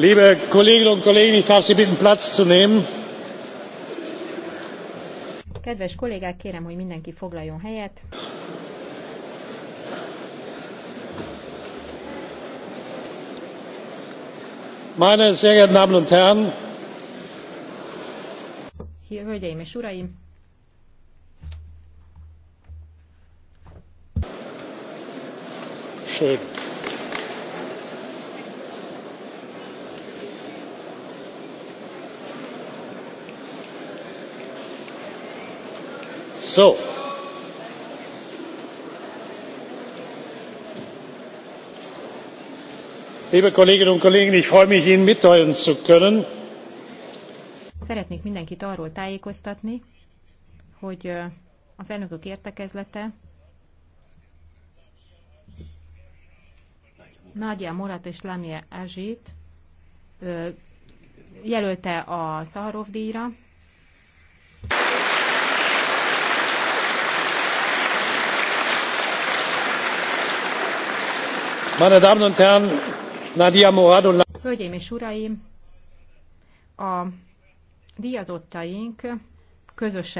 Liebe Kolleginnen und Kollegen, ich darf Sie bitten, Platz zu nehmen. Kedves kollégák, kérem, hogy mindenki foglaljon helyet. Meine sehr geehrten Damen und Herren, Hölgyeim és Uraim! Schön. So. Liebe Kolleginnen und Kollegen, ich freue mich, Ihnen mitteilen zu können. Szeretnék mindenkit arról tájékoztatni, hogy az elnökök értekezlete Nagyja Morat és Lamia Azsit jelölte a Szaharov díjra, Hölgyeim és uraim, a díjazottaink közösen